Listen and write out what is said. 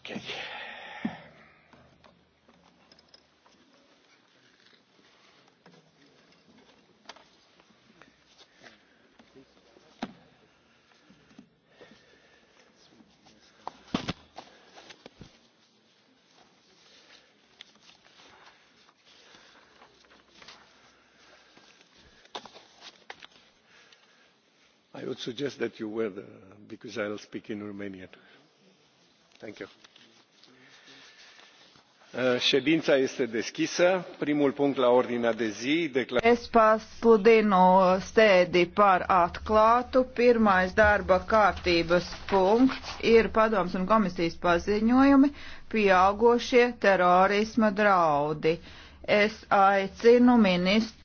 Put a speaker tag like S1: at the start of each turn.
S1: Okay.
S2: i would suggest that you were there uh, because i will speak in romanian. Uh, ședința
S3: este deschisă. primul punct la ordinea de zi
S4: es pasludinu sēdi par atklātu. pirmais darba kārtības punkts ir padoms un komisijas paziņojumi pieaugošie terorisma draudi. es aicinu ministru